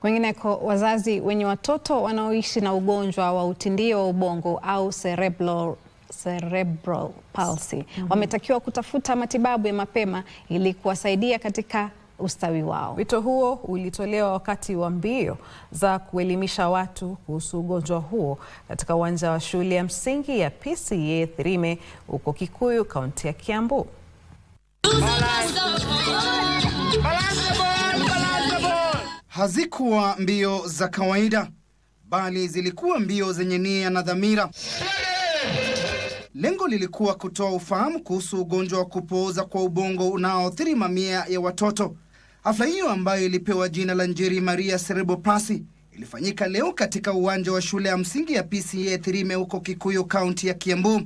Kwingineko, wazazi wenye watoto wanaoishi na ugonjwa wa utindio wa ubongo au cerebral cerebral palsy mm -hmm. wametakiwa kutafuta matibabu ya mapema ili kuwasaidia katika ustawi wao. Wito huo ulitolewa wakati wa mbio za kuelimisha watu kuhusu ugonjwa huo katika uwanja wa shule ya msingi ya PCEA Thirime huko Kikuyu, kaunti ya Kiambu. hazikuwa mbio za kawaida, bali zilikuwa mbio zenye nia na dhamira. Lengo lilikuwa kutoa ufahamu kuhusu ugonjwa wa kupooza kwa ubongo unaoathiri mamia ya watoto. Hafla hiyo ambayo ilipewa jina la Njeri Maria Cerebopasi ilifanyika leo katika uwanja wa shule ya msingi ya PCEA Thirime huko Kikuyu, kaunti ya Kiambu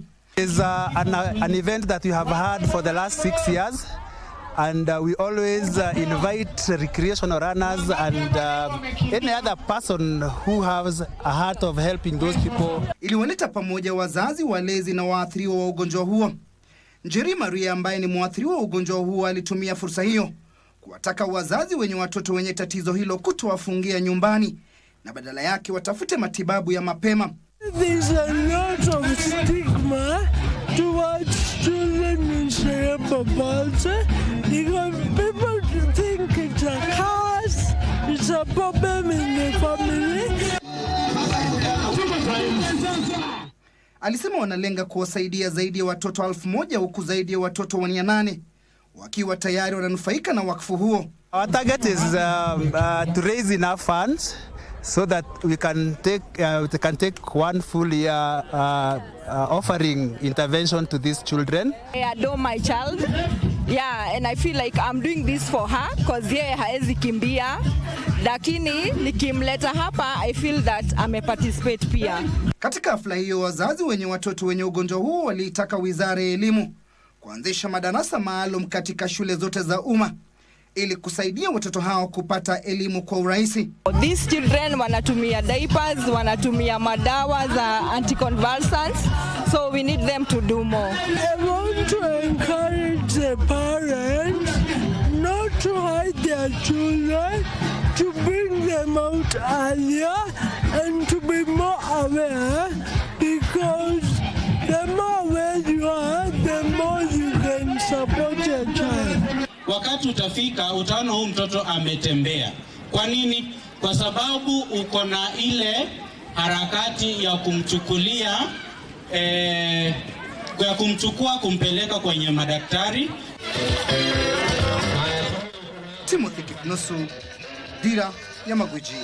and uh, we always uh, invite recreational runners and uh, any other person who has a heart of helping those people. Iliwaleta pamoja wazazi, walezi na waathiriwa wa ugonjwa huo. Njeri Maria ambaye ni mwathiriwa wa ugonjwa huo alitumia fursa hiyo kuwataka wazazi wenye watoto wenye tatizo hilo kutowafungia nyumbani na badala yake watafute matibabu ya mapema. There's a lot of Alisema wanalenga kuwasaidia zaidi ya watoto elfu moja huku zaidi ya watoto mia nane wakiwa tayari wananufaika na wakfu huo. Our target is uh, uh, to raise enough funds so that we can take, uh, we can take one full year uh, uh, offering intervention to these children. I adore my child. Yeah, and I feel like I'm doing this for her cause yeye haezi kimbia, lakini nikimleta hapa I feel that ame participate pia. Katika hafla hiyo, wazazi wenye watoto wenye ugonjwa huu waliitaka Wizara ya Elimu kuanzisha madarasa maalum katika shule zote za umma ili kusaidia watoto hao kupata elimu kwa urahisi. These children wanatumia diapers, wanatumia madawa za anticonvulsants So we need them to do more. I want to encourage the parents not to hide their children, to bring them out earlier and to be more aware because the more aware you are, the more you can support your child. Wakati utafika utaona huu mtoto ametembea. Kwa nini? Kwa sababu uko na ile harakati ya kumchukulia eh, ya kumchukua kumpeleka kwenye madaktari. Timothy Kipnusu, Dira ya Magwiji.